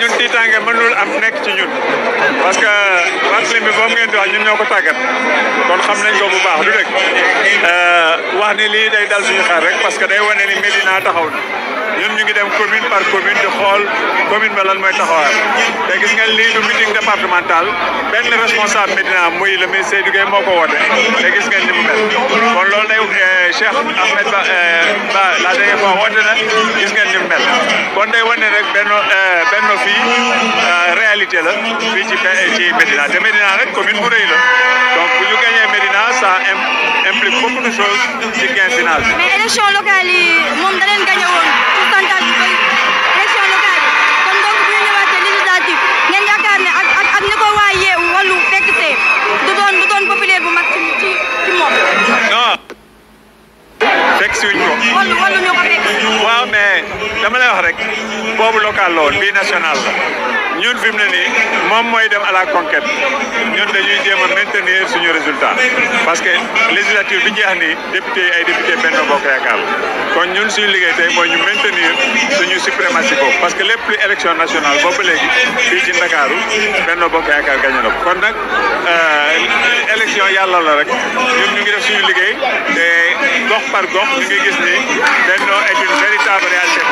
ñun tiitaange mënul am nekk ci ñun parce que Barthélémy bi ko tàggat kon xam nañ ko bu baax du dëgg euh, wax ni lii day dal suñu xaar rek parce que day wane ni Médina taxaw na ñun ñu ngi dem commune par commune di xool commune ba mooy taxawaay te gis ngeen ni du meeting départemental benn responsable Médina muy le maire Seydou Gueye moo ko woote te gis ngeen ni mu mel kon loolu day euh, Cheikh Ahmed Ba euh, la dernière fois woote na gis ngeen ni mu kon day wane rek benn euh, benn fii euh, réalité la fii ci ci Médina te Médina rek commune bu rëy la donc bu ñu gagné Médina dama lay wax rek boobu local la woon national la ñun fi mu ne nii moom mooy dem à la conquête ñun dañuy jéem a maintenir suñu résultat parce que législative bi jeex nii député yi ay député Benno Bokk Yaakaar la ñun suñu liggéey tey mooy ñu maintenir suñu suprématie boobu parce que lépp lu élection nationale boobu léegi fii ci Ndakaaru Benno Bokk Yaakaar gañe na ko kon nag euh, yàlla la rek ñun ñu ngi def suñu liggéey de gox par gox ñu gis ni Benno est une véritable réalité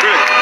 bu nekk